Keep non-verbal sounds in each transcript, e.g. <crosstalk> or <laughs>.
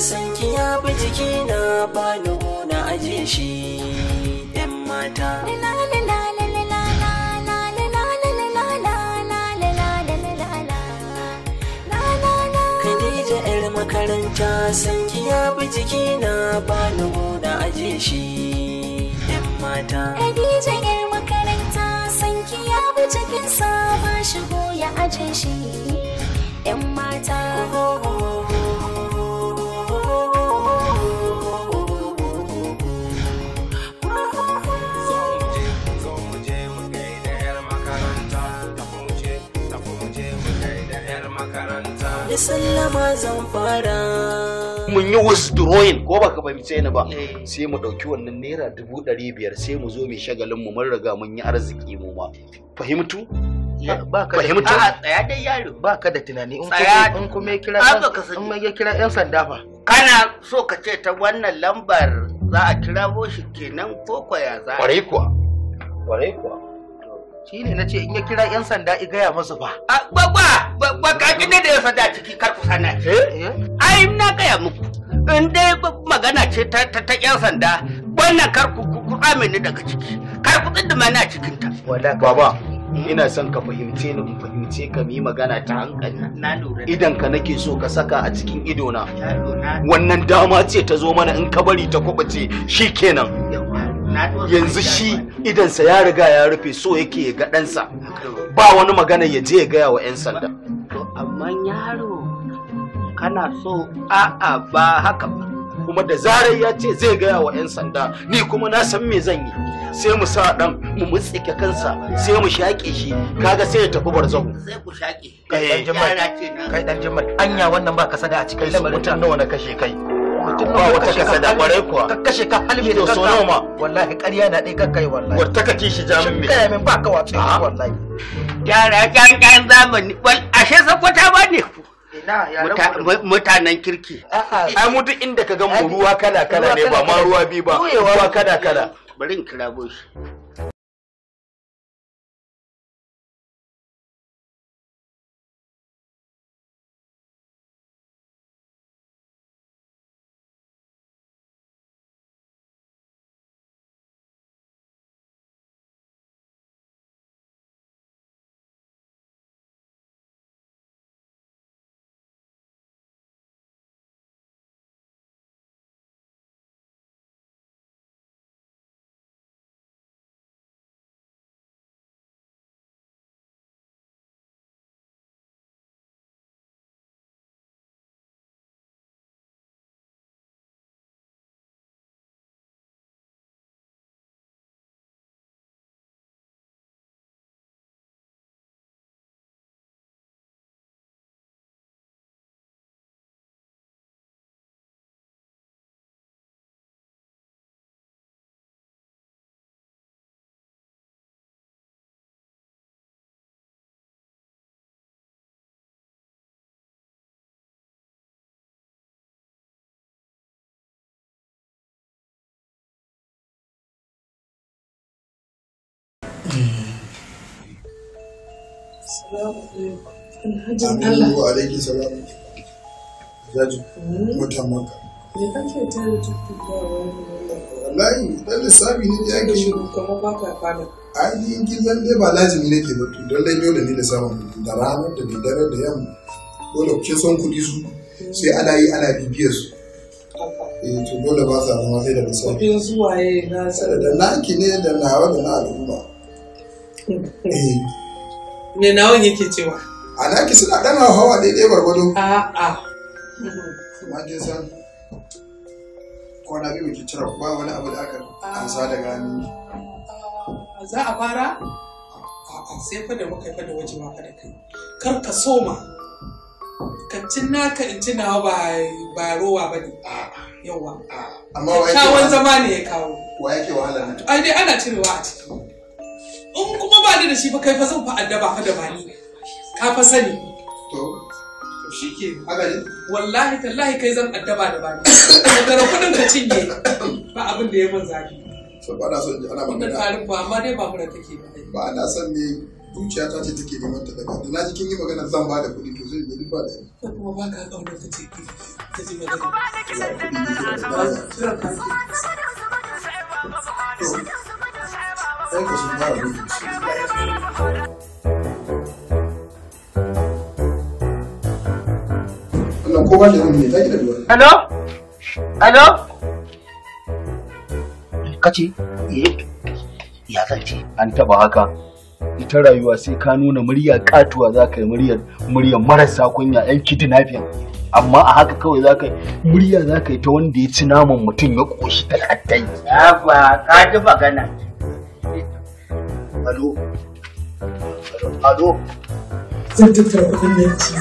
san ki ya bi jiki na ba ni na aje shi yan mata Khadija yar makaranta san ki ya bi jiki na ba ni na aje shi yan mata Khadija yar makaranta san ki ya bi jikin ba shigo ya aje shi yan mata sallama zan fara mun yi withdrawing ko baka fahimce ni ba eh. sai mu dauki wannan naira dubu ɗari biyar sai mu zo mai shagalin mu mun riga mun yi arziki mu ma fahimtu baka fahimtu a tsaya dai yaro ka da tunani in kuma in kuma kira in mai ya kira yan sanda fa kana so ka ce ta wannan lambar za a kira shi kenan ko kwaya za kwarai kuwa kwarai kuwa shi ne na ce in ya kira 'yan sanda i gaya masu ba. Babba, ba ka ki da 'yan sanda ciki kar ku sana. Eh? Ai, na gaya muku. In dai magana ce ta 'yan sanda, wannan kar ku ni daga ciki. Kar ku tsindima na cikin ta. baba. Ina son ka fahimce ni in fahimce ka yi magana ta hankali. Na lura. Idan ka nake so ka saka a cikin idona. Wannan dama ce ta zo mana in ka bari ta kwabace shikenan. Yawa. yanzu shi idansa ya riga ya rufe so yake ya ga ɗansa ba wani magana ya je ya gaya wa 'yan sanda to amma yaro kana so a'a ba haka ba kuma da zarar ya ce zai gaya wa 'yan sanda ni kuma na san me zan yi sai mu sa dan mu mutsike kansa sai mu shaƙe shi kaga sai ya tafi barzahu sai ku shaƙe kai dan jimai kai dan jimai anya wannan ba ka sada a cikin lamarin mutum nawa na kashe kai mutum ba wata kasa da kwarai kuwa ka ma wallahi ƙarya na ɗaya ka jamin kai min wace ah. wallahi yara kan kan zamani wal ashe sakwata ba ne mutanen kirki a mu inda ka ga mu ruwa kala kala ne ba ma ruwa bi ba ruwa kala kala bari in kira goshi Amin wa alaiki salam. Jaju, mutan maka. Me kake ta yi lissafi ne da yake shi. Kuma ba ka fada. ba lazimi ne ke mutu, don dai dole ne da samun da ranar da da yamma. son kuɗi su, sai ana yi ana bibiyar su. Eh, to dole ba sa zama sai da lissafi. Kuɗin su waye na Da naki ne da nawa da na al'umma. <laughs> Eh, me nawan yake cewa a naki suna dan hawa daidai gwargwado a a kuma kin san kwana biyu ke cira ba wani abu da aka ansa daga hannun za a fara sai fa da muka fa da waje ma fa da kai kar ka soma ka cin naka in ci nawa ba ba rowa ba ne yawa amma wa yake kawo zama ne ya kawo wa yake wahala ne ai dai ana cirewa a ciki in kuma ba ni da shi ba kai fa zan fa addaba fa da bani ka fa sani to shi ke agani wallahi tallahi kai zan addaba da bani daga kudin ka cinye ba abin da ya man zafi ba na son ana magana wannan tarin ba amma dai ba take ba ba na son ne zuciya ta ce take neman ta daga da na kin yi magana zan ba da kuɗi to zan yi ba da ko kuma ba ka kaunar ta ce ta ji magana ba kuɗi ne ba da Thank you so much. ko ba Hello? Hello? Kace? Eh. Ya zan an taba haka. Ita rayuwa sai ka nuna murya katuwa za ka muryar marasa kunya yan kidnapping. amma a haka kawai za ka murya za ka ta wanda ya ci naman mutum ya ƙoshi talatai. ka Ado. Ado. Zan tattara kuɗin ci.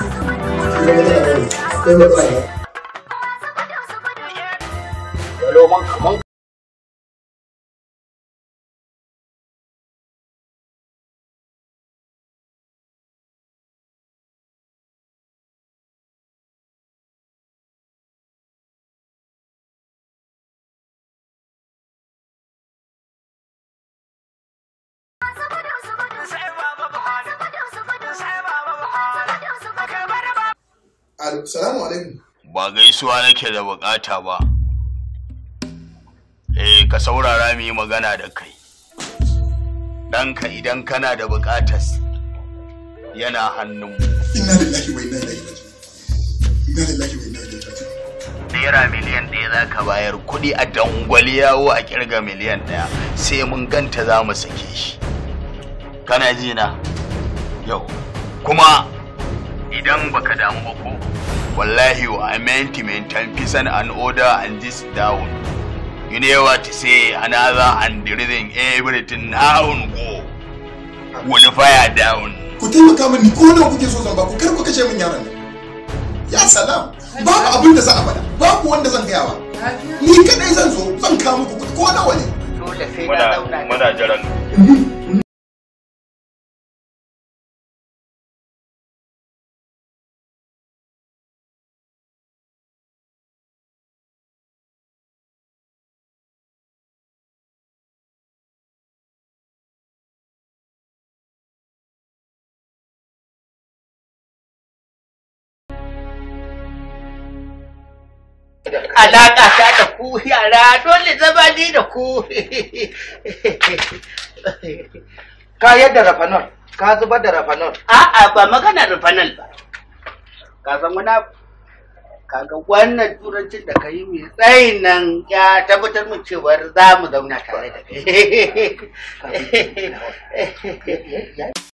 Salamu alaikum. Ba gaisuwa nake da bukata ba. Eh ka saurara mu yi magana da kai. Ɗanka idan kana da bukatas yana hannunmu. Inna lillahi wa inna ilaihi raji'un. Inna lillahi wa inna ilaihi raji'un. naira miliyan ɗaya za ka bayar kuɗi a dangwali yawo a kirga miliyan ɗaya sai mun ganta za mu sake shi kana ji na yau kuma idan baka damu ba ko wallahi I meant to maintain peace and an order and this down you know what to say another and reason everything down go wani fire down ku taimaka min ni ko na kuke so zan ba ku kar ku kace min yaran ya salam babu abin da za a faɗa babu wanda zan gaya ba ni kadai zan zo zan kawo muku ko na wani dole sai na zauna alaƙa ta da ku yara dole zama ni da ku ka yadda rafanol ka zubar da rafanol a'a ba magana rafanol ba ka san wani kaga wannan turancin da ka yi mai tsayin nan ya tabbatar mu cewar za mu zauna tare da kai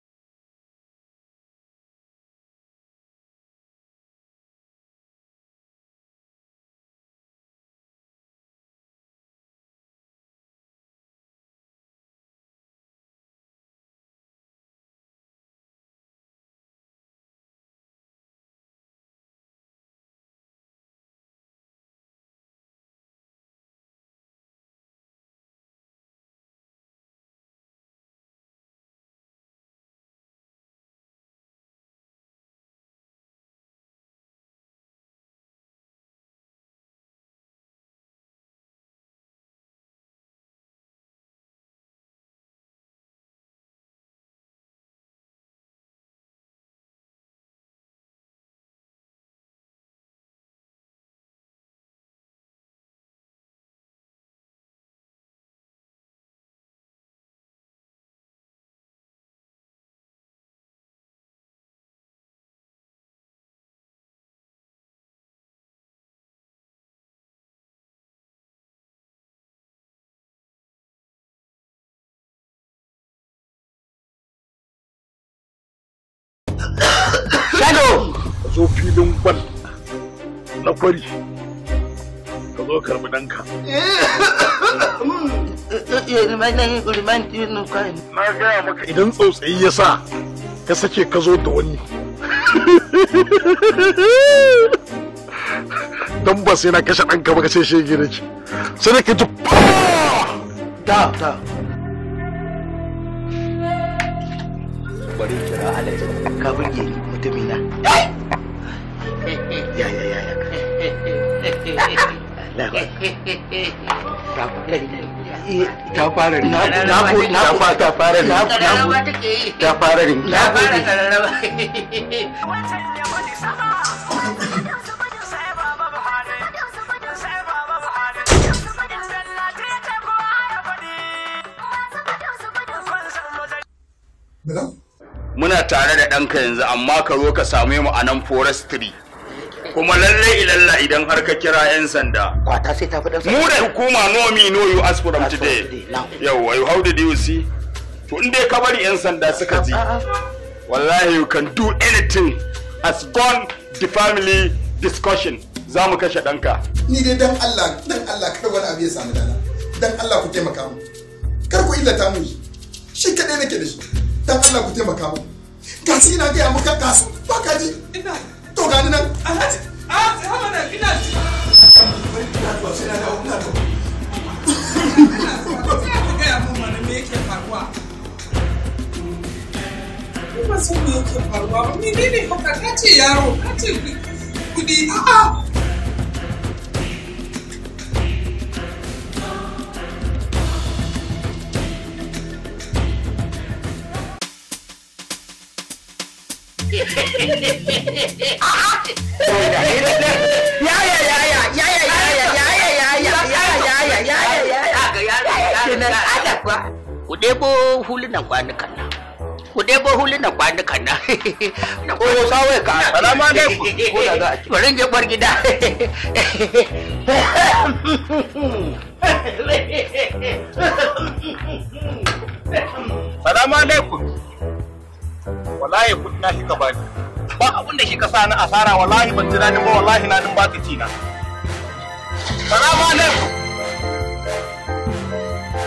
zo filin bal na kwari ka zo karbi ɗanka. Na gaya maka idan tsautsayi ya sa ka sake ka zo da wani. Dan ba sai na kashe ɗanka ba ka ce shi da ki. Sai ka ji da da. Bari kira Alex, ka burge mutumina. ya Muna tare da ɗanka yanzu amma ka zo ka same mu a nan forestry. kuma lalle ilalla idan har ka kira yan sanda kwata sai ta fada mu da hukuma no me no you ask from today yawa how did you see to in ka bari yan sanda suka ji wallahi you can do anything as gone the family discussion za mu kashe danka. Ni dai dan Allah dan Allah kar wani abu ya samu dana dan Allah ku taimaka mu kar ku illata mu shi kadai nake da shi dan Allah ku taimaka mu ga ina gaya muka kasu ba ka ji. to gani nan alhaji a haba nan ina ji bari ina zuwa na yake faruwa ba san me yake faruwa ba menene haka kace yaro kace kudi a'a Ku ɗebo hulunan kwanukan nan. Ku ɗebo hulunan Na koyo ka salama ne je bar gida. Salama ne wallahi kudi na kika bani ba abin da kika sa ni asara wallahi ban ji daɗin ba wallahi na din baka na. salamu ne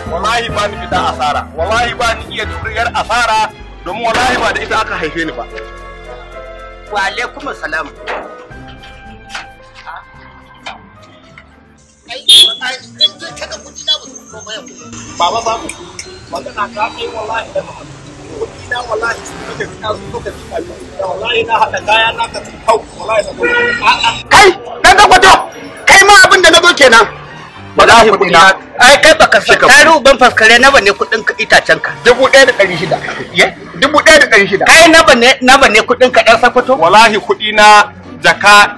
wallahi ba ni fita asara wallahi ba ni iya turiyar asara domin wallahi ba da ita aka haife ni ba wa alaikum salam Baba babu, magana kai wallahi da na kai kwato kai ma abin da na zo kenan wallahi kudi na ai kai baka san taru ban faskare na bane kudin ka itacen ka dubu da dubu ɗari kai na bane na bane kudin ka ɗan sakwato wallahi kudi na jaka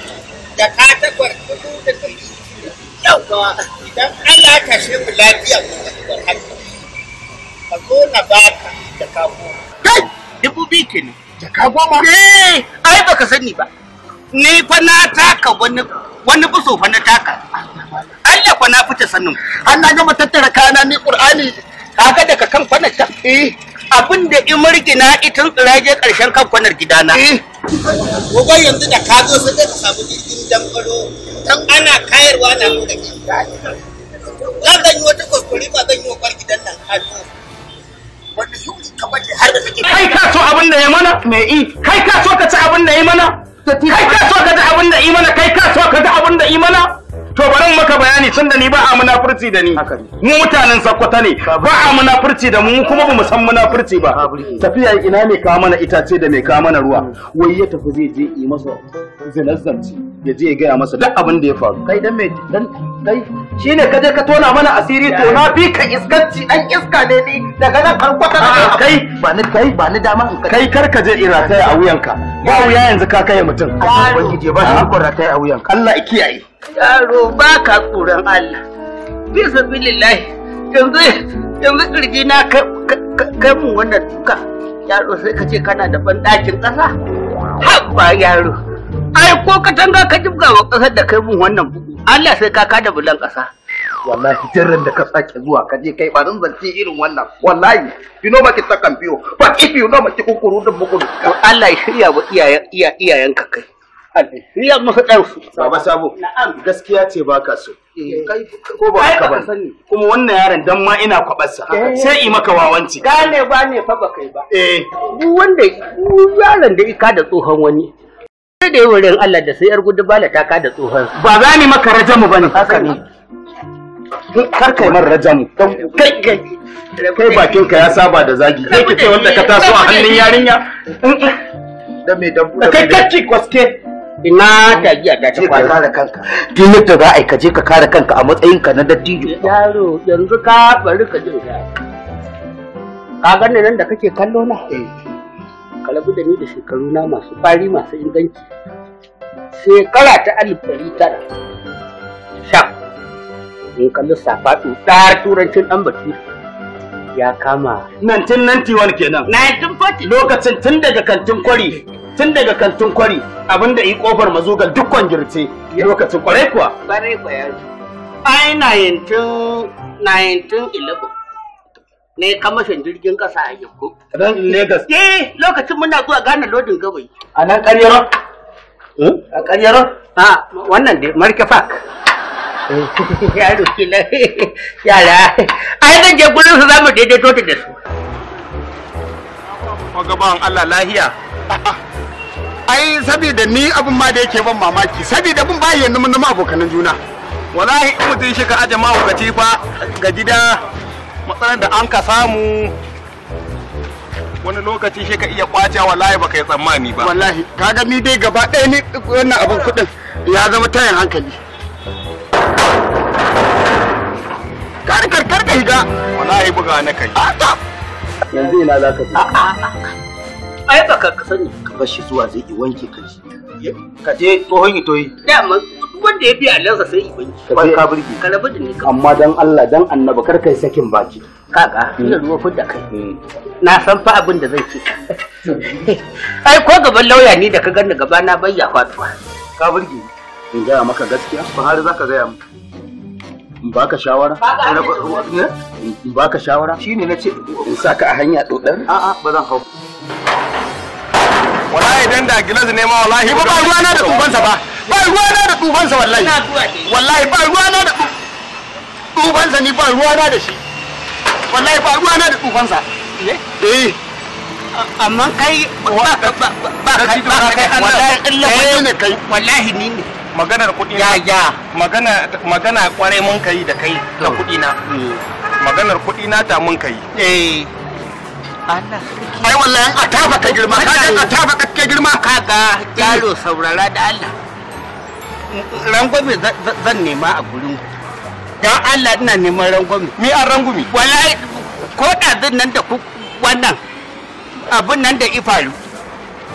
da ka tabar kudu da kudu yawa idan Allah ka shi mu lafiya mu da hannu ka zo na baka da ka goma kai dubu biyu kenan da ka goma eh ai baka sani ba ni fa na taka wani wani buso fa na taka Allah fa na fita sanin Allah gama tattara kana ni Qur'ani kaga daga kan kwanata eh abin da in na itin tsirage ƙarshen kan gidana. Eh. Gobe yanzu da ka zo samu jirgin damfaro don ana kayarwa na ke. Za zan yi wata kuskure ba zan yi wa kwar nan ka Kai ka so ka ci abin da ya mana? Kai ka ka ci abin da ya mana? Kai ka so ka ji abin da ya mana? to bari maka bayani tunda ni ba a munafurci da ni mu mutanen sakkwata ne ba a munafurci da mu kuma ba mu san munafurci ba tafiya ina ne ka mana itace da mai ka mana ruwa mm. wai ya tafi zai je yi masa zinazzanci ya je ya gaya masa duk abin da ya faru kai dan me dan kai shine ka je ka tona mana asiri to na bi ka iskanci dan iska ne ni daga nan kan kwata na kai ba ni kai ba ni dama in kai kar ka je ira kai a wuyanka ba wuya yanzu ka kai mutum ba ubangiji ba shi rataya a wuyanka Allah ya kiyaye yaro ba ka tsoron Allah bi sabilillahi yanzu yanzu kirji na kai mun wannan duka yaro sai ka ce kana da banɗakin ƙasa habba yaro ai ko katanga ka jibga wa ƙasar da kai mun wannan bugu Allah sai ka kada bulan ƙasa wallahi jarran da ka sake zuwa ka je kai barin zance irin wannan wallahi you know maki takan biyo but if you know maki kukuru da bugu Allah ya shirya wa iyayen iyayenka kai Alfiyar muka ɗansu. Baba Sabo, gaskiya ce ba ka so. Eh. Ko ba ka ba. Kuma wannan yaron dan ma ina kwabarsa. Eh. Sai i maka wawanci. Gane ba ne fa ba kai ba. Eh. Duk wanda yaron da ika da tsohon wani. Sai da yawan Allah da sai yar gudu bala ta ka da tsohon. Ba za ni maka rajamu ba ne. Haka ne. Kar kai man rajamu. Kai kai. Kai bakinka ya saba da zagi. Kai kike wanda ka taso a hannun yarinya. Da me da kai ki kwaske. ina ta giya ta ta kwana kare kanka duk yadda za a yi kaje ka kare kanka a matsayin ka na dattijo yaro yanzu ka bari ka jin ka ka ganni nan da kake kallo na eh. ka rabu da ni da shekaru na masu fari masu inganci shekara ta alif ɗari tara sha in kalli safatu ɗaya turancin ɗan batiri ya kama 1991 kenan 1940 lokacin tun daga kantin kwari tun daga kantin kwari abinda yi kofar mazugar dukkan girce lokacin kwarai kuwa kwarai na ya zo ai 1911 ne kamashin jirgin kasa a yanku ran lagos eh lokacin muna zuwa gane lodin gabai a nan karyar hmm? a karyar a wannan dai marke park <laughs> roƙi na yara ai zan je gurin su zamu daidaito da su magaban Allah lahiya a'a <laughs> ai saboda ni abin ma da yake ban mamaki saboda mun ba yanzu mun zama abokanan juna wallahi in shi ka aje ma hukaci fa ga gida matsalar da an ka samu wani lokaci shi ka iya kwacewa wallahi baka yi tsammani ba wallahi kaga ni dai gaba ɗaya ni wannan abin kudin ya zama tayin hankali karkar karka higa wallahi buga na kai ah, yanzu ina za ka ah, ah, ai baka ka sani ka bar shi zuwa zai wanke kan shi ka je tsohon yi toyi dama duk wanda ya biya lansa sai yi wanke ka ka burge ka rabu da ni amma dan Allah dan annaba kar kai sakin baki Kaka, ina ruwa fudda kai hmm. na san fa abin da zai ce ai ko gaban lauya ni da ka ganni gaba na bayya fatuwa ka burge in gaya maka gaskiya ba har zaka gaya mu in baka shawara eh, in baka shawara shine nace in saka a hanya dodar a'a ba zan hau idan da gilas ne ma wallahi ba ruwa na da tubansa ba ba ruwa na da tubansa wallahi wallahi ba ruwa na da tubansa ni ba ruwa na da shi wallahi ba ruwa na da tubansa eh eh amma kai ba ka ba kai wallahi illa kai ne kai wallahi ni ne magana da kudi ya ya magana magana kware mun kai da kai da kudi na mm. maganar kudi na ta mun kai eh ai wallahi a tafa ka girma ka ga a tafa ka ke girma ka ga yaro saurara da Allah rangwame zan nema a gurin dan Allah ina neman rangwame mi an rangumi wallahi ko ɗazin nan da wannan abin nan da ifaru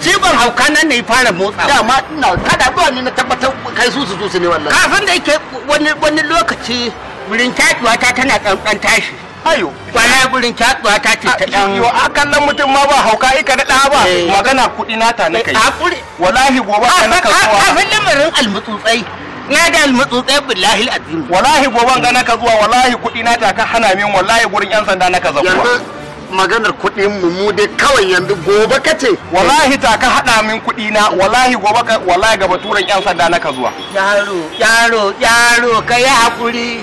jiban hauka nan ne fara motsa dama ina kada ba ne na tabbatar kai su su ne wallahi kafin da yake wani wani lokaci wurin taduwa ta tana tsantsan tashi ayo wala gurin kyatsuwa ta ce ta dan yo a kallon mutum ma ba hauka ika da da ba eh. magana kudi na ta na kai eh, wallahi gobe ka na kasuwa a filin marin almutsutsai na da almutsutsai billahi alazim wallahi gobe ga na zuwa, wallahi kudi na ta ka hana min wallahi gurin yan sanda na kaza Yanzu maganar kuɗin mu mu dai kawai yanzu gobe ka ce wallahi ta ka hada min kudi na wallahi gobe wallahi ga baturan yan sanda na ka zuwa yaro yaro yaro kai hakuri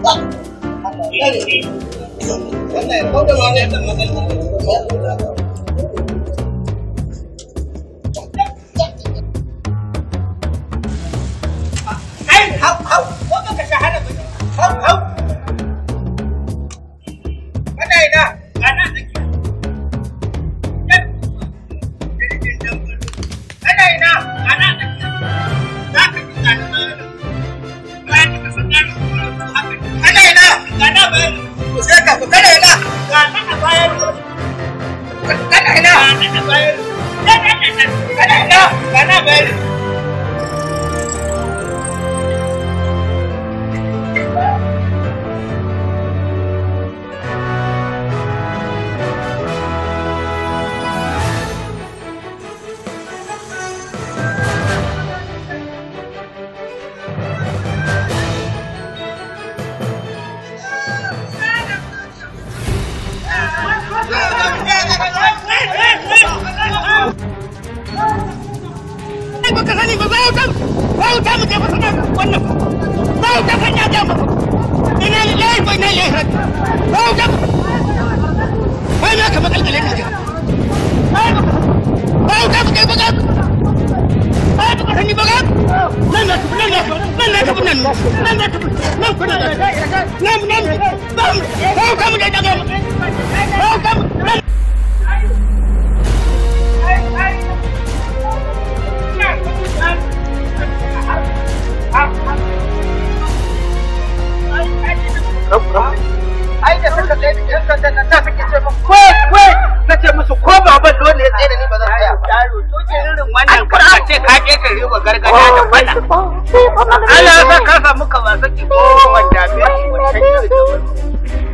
Wannan ya kauda wani ya ɗan matsalar Ana, ana, ana, ana,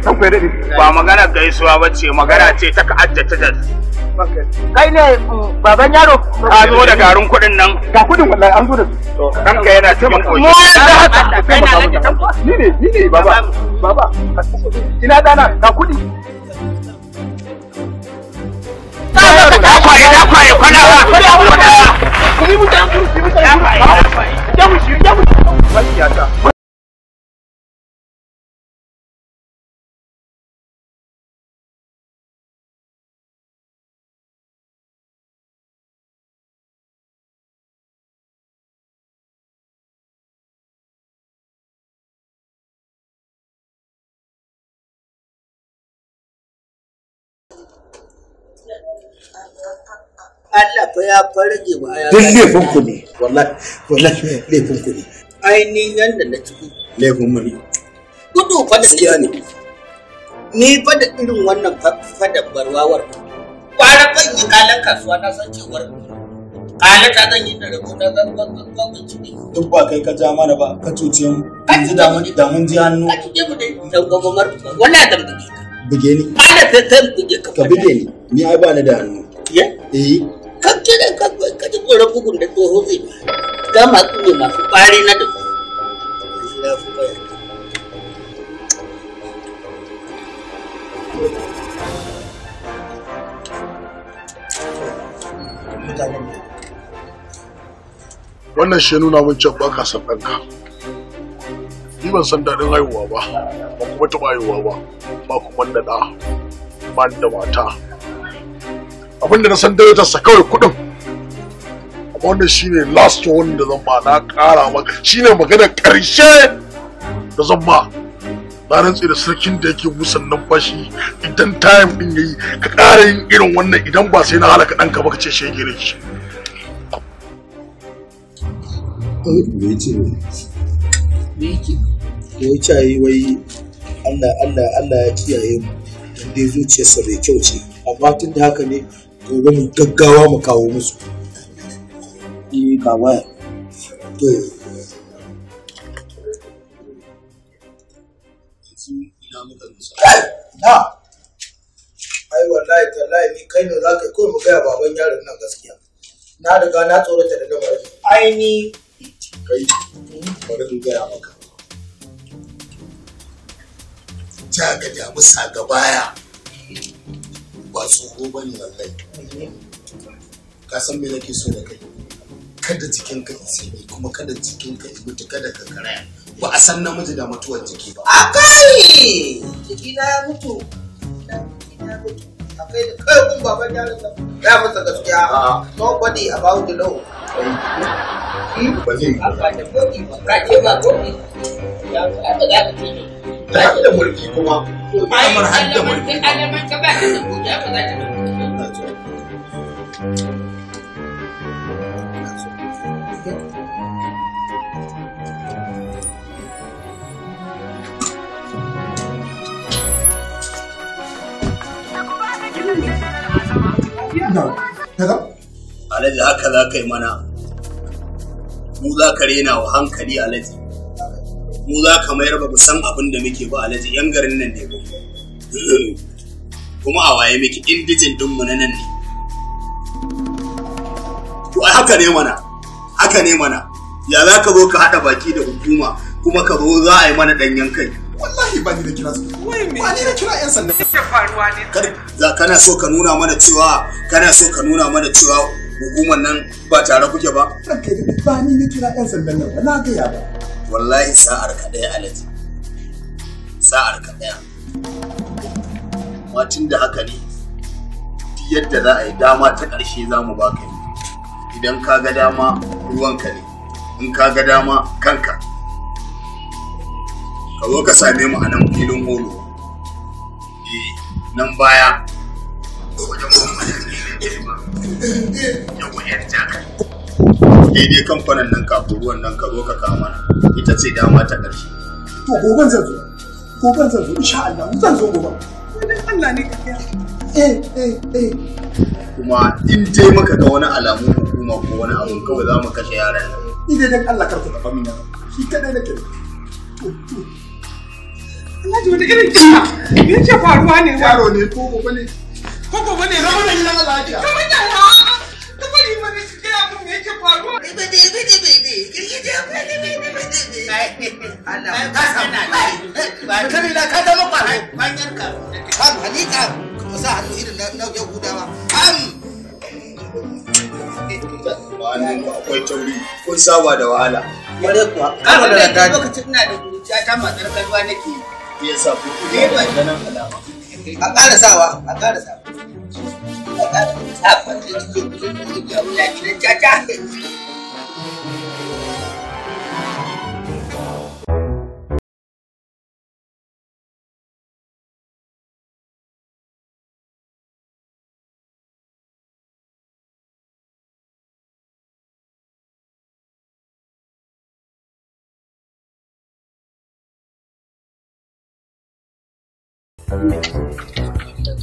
Akwai Ba magana gaisuwa ba ce magana ce ta ka'adda ta dal. Kai ne mm, baban yaro? Ka zo da garin kuɗin nan. Ga wallahi an zo da su. yana cikin koyi. Mu da haka. Kai na Ni ne ni ne baba. Baba. Ina dana ga kuɗi. Ya mu ya Allah fa ya farge ba ya duk laifin ku ne wallahi ainihin yanda na ciki laifin mu ne gudu fa da gaskiya ne ni fa da irin wannan fa da barwawar kwara yi kalan kasuwa na san cewar kala ta zan yi da rubuta zan ciki duk ba kai ka ja mana ba ka cuce mu yanzu da mun ji hannu mu da wallahi buge ni ana ta ta buge ka ka buge ni ni ai ba ni da hannu ya eh ka da ka ka ji tsoron bugun da tsoho zai ba ga masu ne masu ƙwari na da wannan shi nuna mun cewa ba ka san ɗanka ni ban san dadin haihuwa ba ba kuma taɓa haihuwa ba ba kuma da ɗa ba da mata abinda na san sa kawai kuɗin wannan shine last one da zan ba na ƙara maka shine magana ƙarshe da zan ba. na rantse da sarkin da yake busan fashi idan time din yayi ka ƙara yin irin wannan idan ba sai na halaka ɗanka ba ka ce shi gire shi Thank eh, you. da ya cayi wai Allah Allah Allah ya kiyaye mu dan dai zuciyarsa bai kyau ce amma tun da haka ne gobe mu gaggawa mu kawo musu eh ga waya to na ai wallahi tallahi ni kai ne zaka kai mu gaya baban yaron nan gaskiya na riga na tsorata da lamarin ai ni kai bari in gaya maka ja ga damusa ga baya ba tsoro ba ne wallahi ka san me nake so da kai kada jikin ka sanyi kuma kada jikin ka mutu kada ka karaya ba a san namiji da mutuwar jiki ba a kai jiki na ya mutu akai da kai kun baban ya masa about the law zai ba ce ko ya ba ki da mulki kuma kamar har da mulki ko ba za ka da mulki Alhaji haka za ka yi mana, mu za ka rena wa hankali alaji. mu za ka mayar ba san abin da muke ba alhaji yan garin nan ne kuma a waye muke indijin dinmu na nan ne to haka ne mana haka ne mana ya za ka zo ka haɗa baki da hukuma kuma ka zo za a yi mana ɗanyen kai wallahi ba ni da kira su ba ni da kira 'yan sanda suke faruwa ne kana so ka nuna mana cewa kana so ka nuna mana cewa hukumar nan ba tare kuke ba ranka ba ni da kira 'yan sandan nan ba na gaya ba wallahi sa'ar ka ɗaya alaji sa'ar ka ɗaya matin da haka ne duk yadda za a yi dama ta ƙarshe za mu ba ka yi idan ka ga dama ka ne in ka ga dama kanka ka zo ka same mu a nan filin holo eh, nan baya wajen kuma da jaka daidai kan kwanan nan kafin ruwan nan ka zo ka kama ita ce dama ta ƙarshe. To goben zan zo, goben zan zo, insha Allah, zan zo goba. Wani Allah ne ka Eh, eh, eh. Kuma in dai maka ga wani alamun hukuma ko wani abu kawai za mu kashe yaran nan. Ni dai dan Allah karku tafa min yaro, shi kaɗai nake. Allah ji wata irin kisa, me yake faruwa ne? Yaro ne ko gobe ne? Ko gobe ne? Zama da Allah ya. Zama da ya. Zama da ne. gaya min da yake faruwa bebe bebe bebe girgije bebe bebe bebe Allah ka sana ba kare da ka zama kwaro hanyar ka ka ni kuma sa hannu irin na yahudawa am akwai tauri kun saba da wahala kwarai kuwa karo da ta lokacin ina da zuciya ta matsar kalwa nake ya sa ku ne ba ganin alama a ƙara sawa a ƙara sawa a partir de sobretudo de a carreira.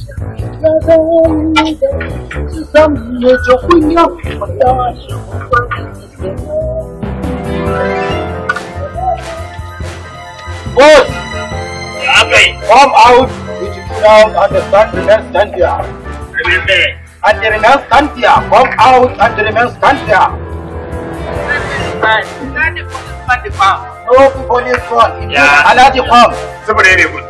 La vérité, c'est come out with the stand here. Remember. stand here. Come out and stand here. Stand the police No police ya. Yeah. come. Somebody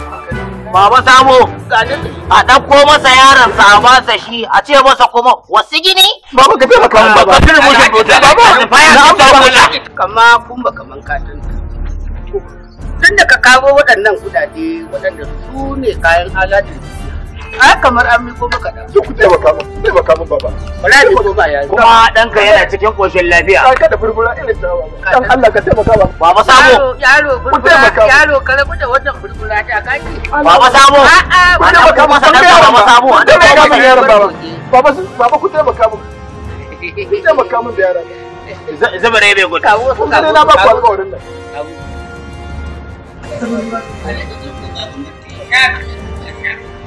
Baba Sabo, a ɗauko masa yaron sa a masa shi, a ce masa kuma wasu gini? Baba ka taimaka min baba. Ka ba mushin bota. Baba, na'am baba. Kama kumba kaman katin. Tun da ka kawo waɗannan kudade waɗanda su ne kayan aladin a kamar an miko maka da duk ku taimaka mu taimaka baba wallahi ko ba ya kuma danka yana cikin koshin lafiya ka da furfura irin ta dan Allah ka taimaka ba baba sabo yaro furfura yaro ka rabu da wannan furfura ta kaki baba sabo a a wanda ka masa da baba sabo da ka masa yaron baba baba baba ku taimaka mu ku taimaka mu da yaron bai gudu kawo kawo na ba ku alƙawarin nan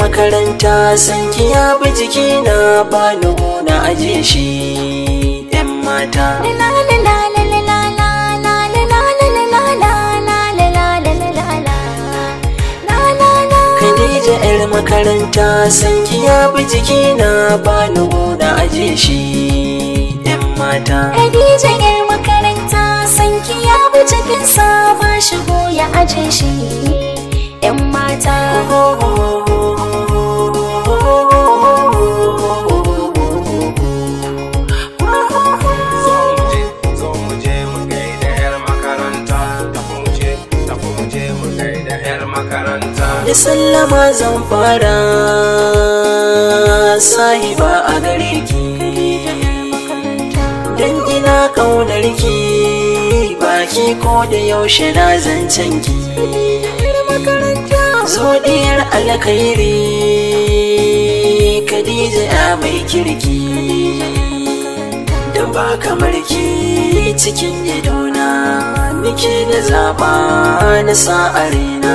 makaranta san ya bi jikina ba nuna aje shi 'yan mata da yar makaranta sanki ya bi jiki na ba ni gona aje shi yan mata Khadija yar makaranta sanki ya bi jikin sa ba shi goya aje shi yan mata da sallama zan fara sahiba a gare ki dan ina kaunar ki baki ko da yaushe na zancen ki zo diyar alkhairi Khadija ya mai kirki dan ba kamar ki cikin yadona nake da zaba na sa'arina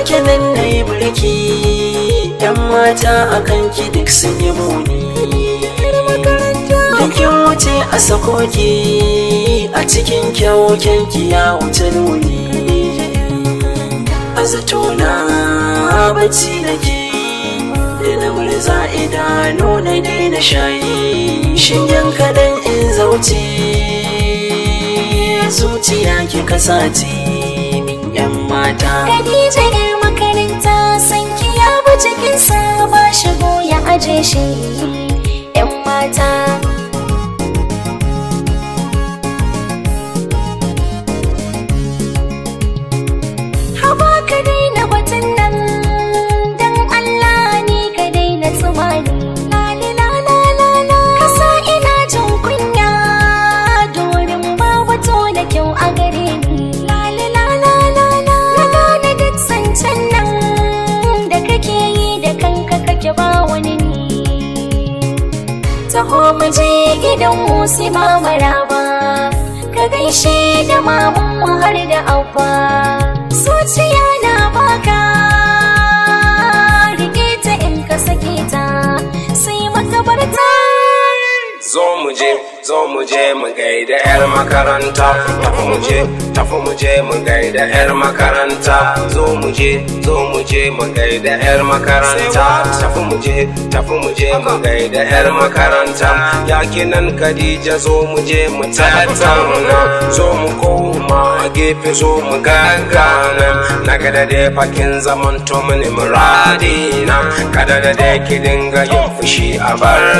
take nan na yi birki yan mata a kanki duk sun yi muni Bikin wuce a sakoki a cikin kyawokin ya wuce nuni A zato zatona bacci ke, da na murza idanu na daina shayi shigen kaɗan in zauce zuciya ki kasati mata Khadija yar makaranta san ki ya bu cikin sa ba shigo ya aje shi yan mata musu ma maraba ka gaishe da mamun mu har da abba zuciya na baka rike ta in ka sake ta sai makabarta zo mu je zo mu je mu gaida yar makaranta mu je tafi mu je mu gaida yar makaranta zo mu je zo mu je mu gaida yar makaranta tafi mu je tafi mu je mu gaida yar makaranta yaki nan Khadija zo mu je mu tattauna zo mu koma gefe zo mu gaggana na gada da fakin zaman to mini muradina kada da da ki dinga yin fushi a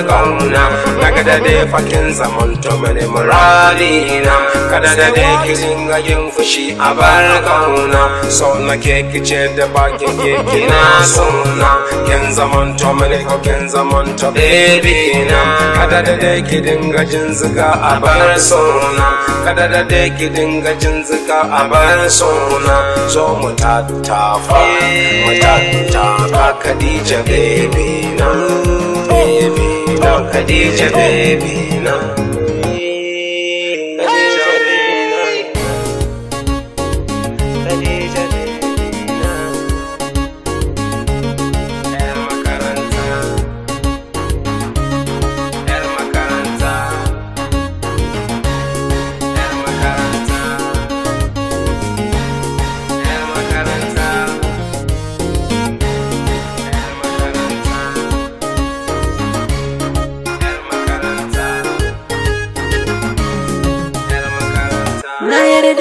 gauna na gada da fakin zaman to mini muradina kada da da ki dinga zagin fushi a bar kauna sau na kekice da bakin keke na suna kin zaman to mini ko kin zaman to baby na kada da dai ki dinga jin zuga a bar suna kada da dai ki dinga jin zuga a bar suna zo mu tattafa mu tattafa kadija baby na baby na kadija baby na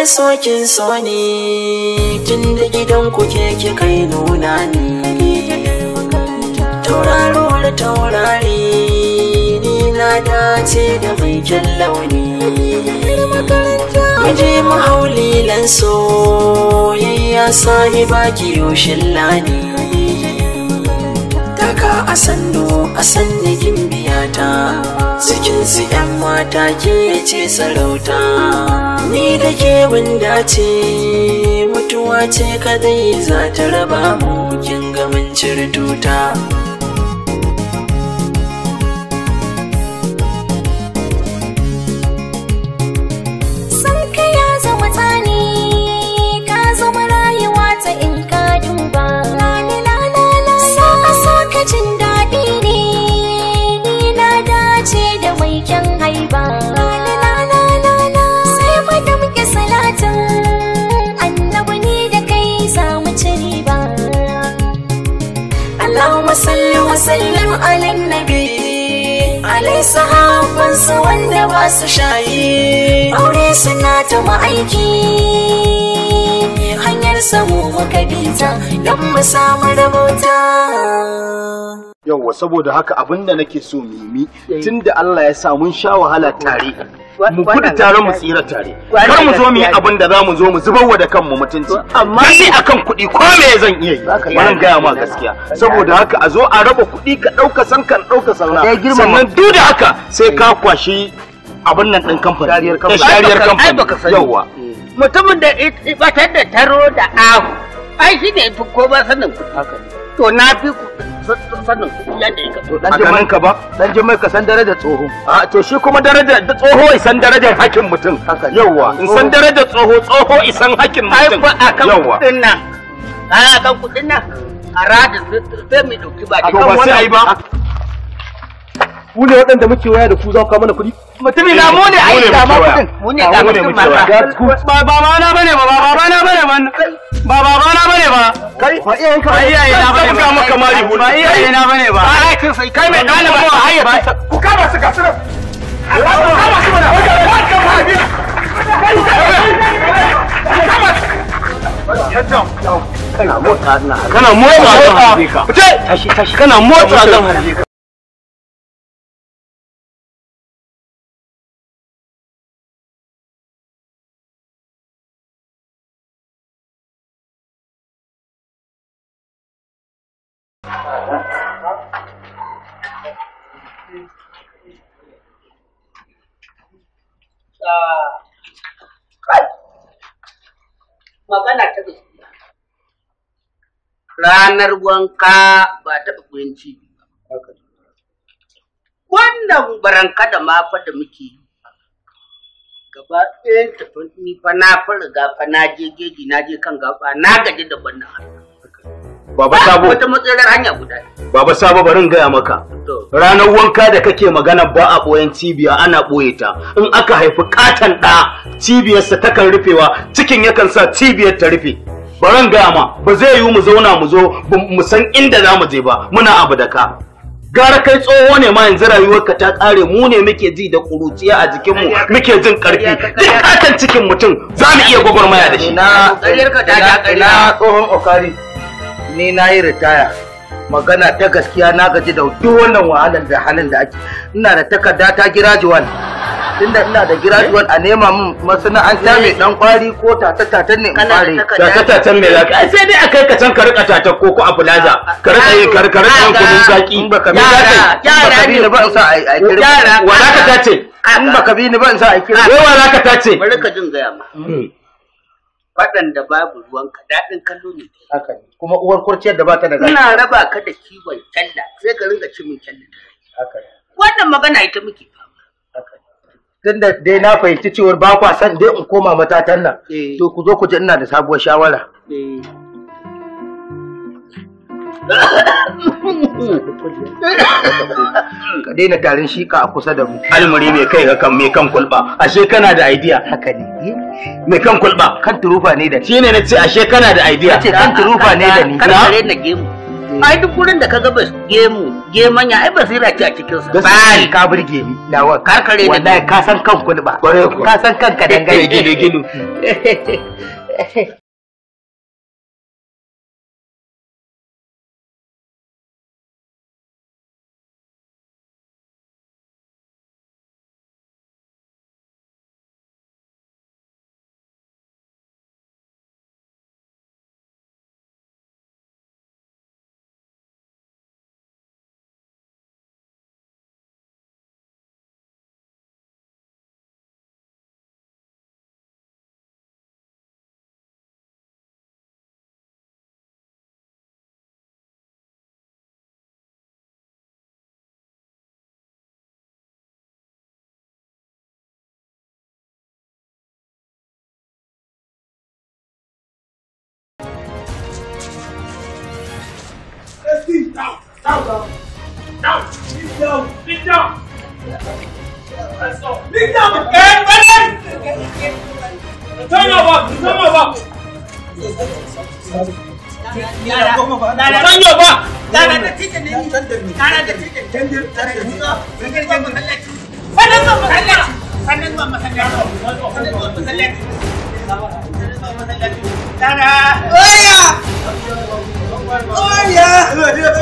wani sokin so ne tun da gidan ku ke ke kai nuna ni tauraro da taurari ni na dace da mai kyan launi muje mahauli lan ya sahiba ki yoshin lani daga a sannu a sannu gimbiya ta sikinsu yan mata ke ce sarauta ni da ke wanda ce mutuwa ce kadai za ta raba mu kin ga mun tuta sallim alin nabi alai sahabansu wanda ba su shayi aure suna ta ma'aiki hanyar samu muka bita don mu samu rabota yauwa saboda haka abinda nake so mimi tunda Allah ya sa mun sha wahala tare mu gudu tare mu tsira tare kar mu zo mu yi abin da mu zo mu zubar wa da kanmu mutunci amma ni akan kuɗi ko me zan iya yi nan gaya ma gaskiya saboda haka a zo a raba kuɗi ka ɗauka san kan ɗauka sauna sannan duk da haka sai ka kwashi abin nan ɗin kamfani ta shariyar kamfani yawwa eh. mutumin da batar da taro da ahu ai shi ne fi ko ba sanin kuɗi to na fi kuɗi sanin yadda ya kaso. Dan jimai ka ba, dan jimai ka san darajar tsoho. A to shi kuma darajar tsoho isan darajar hakkin mutum. Yawwa, in san darajar tsoho tsoho isan hakkin mutum. Ai ba akan kudin nan. Ana akan kudin nan. A radin sai mai dauki ba A to ba sai ai ba. ku ne waɗanda muke waya da ku za ku mana kuɗi Mutumi na mu ne ai dama ma kuɗin mu ne kuɗin ba ba na bane ba ba ba na bane ba ba ba ba na bane ba kai ba iyayen ka ba na bane ba ba na bane ba ai kin sai kai mai dana ba ai ba ku kama su ga su mana. ku kama su mana ku kama su kana motsa kana motsa zan kana motsa ranar wanka ba taɓa koyon ba. Wannan baranka da mafa da muke yi gaba ɗayan tafi ni fa na fi riga fa na je geji na je kan gaba na gaji da wannan Baba Sabo. Wata matsalar hanya guda. Baba Sabo barin gaya maka. Ranar wanka da kake magana ba a ɓoyen cibiya ana ɓoye ta. In aka haifi ƙaton ɗa cibiyarsa takan rufewa cikin yakan sa cibiyar ta rufe. baran gaya ma ba zai yiwu mu zauna mu zo mu san inda za mu je ba muna abu da ka gara kai tsoho ne ma yanzu rayuwarka ta kare mu ne muke ji da kuruciya a jikinmu muke jin karfi duk katon cikin mutum za mu iya gwagwarmaya da shi na na tsohon okari ni na yi ritaya magana ta gaskiya na gaji da duk wannan wahalar da halin da ake ina da takarda ta gira tunda ina da graduate a nema min masana'anta mai eh. dan kwari ko tatatatan ne in fare tatatatan mai ai sai dai a kai ka can ka rika ko ko a plaza ah, ka rika yi karkar kan kudin zaki in baka bi yara ne ba in sa a kira yara wala ka tace ah, in baka bi ni ba in sa a kira wa zaka tace bari ka jin gaya ma faɗan hmm. da babu ruwanka daɗin kallo ne. Haka ne, kuma uwar kurciyar da ba ta da zafi. Ina raba ka da kiwon kyalla, sai ka rinka cimin kyalla. Haka ne. Wannan magana ita muke. tunda dai na fahimci cewar ba kwa san dai in koma matatan nan eh. to ku zo ku ji ina da sabuwar shawara eh. <coughs> ka daina tarin shika a kusa da mu almuri mai kai ga kan mai kan kulba ashe kana da idea haka ne mai kan kulba kan turufa ne da ni shine nace ashe kana da idea kan turufa ne da ni kan tare na gemu ai duk gurin da ka ga bas gemu geman ya ai basira ce a cikin sa bai ka burge ni dawa karkare da wallahi ka san kanku ba ka san kanka dangane gidu <laughs> eh, eh, eh. <laughs> gidu down. Lean down. Let's go. Lean down. Okay, balance. Turn over. Turn over. Turn your back. Oh yeah! Oh yeah!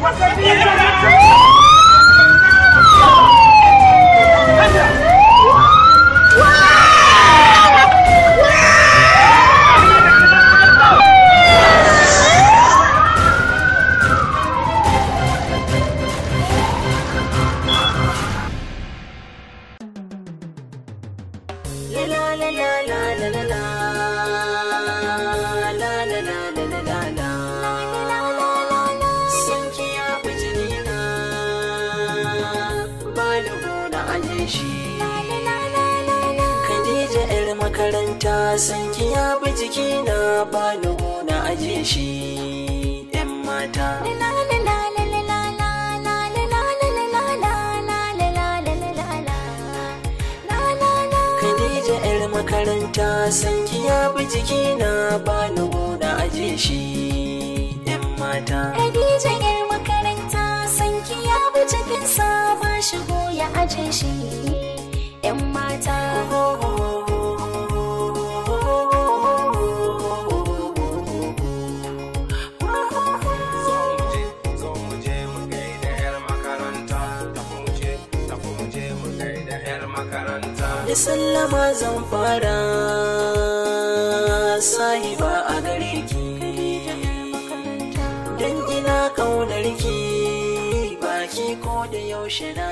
la la la la la la san ki ya bi jiki na ba na aje shi yan mata makaranta san ya bi jiki na ba na aje shi zama zan fara ba a gare ki dan ina kaunar ki baki ko da yaushe na